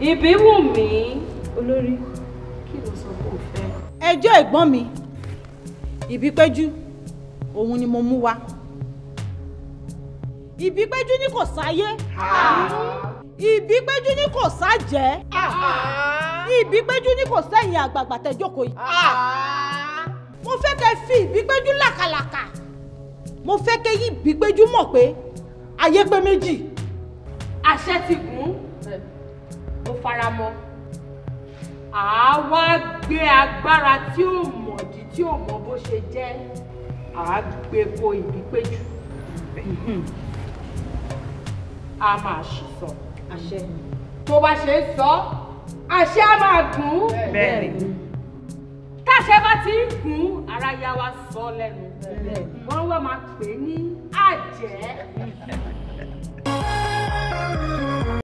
ìbíwùmí olórí kí ló sọ pé o fẹ́. ẹjọ́ ẹ̀gbọ́n mi ìbípẹ́jú òun ni mo mú wá ìbípẹ́jú ní kò sáyé ìbípẹ́jú ní kò sájẹ́ ìbípẹ́jú ní kò sẹ́yìn àgbààgbà tẹ́jókòó yìí mo fẹ́ kẹ́ fi ìbípẹ́jú làkàlàkà mo fẹ́ kẹ́ yí ìbípẹ́jú mọ̀ pé ayé pé méjì. faramọ́ àá wá gbé agbára tí ò mọ̀dí tí ò mọ bó ṣe jẹ́ àá gbé ko ìbí péjú a máa ṣì sọ àṣẹ tó bá ṣe ń sọ àṣẹ a máa dùn ún bẹ́ẹ̀ táṣẹ bá ti ń gùn ara ya wa sọ lẹ́nu wọ́n wá máa pè é ní àjẹ́.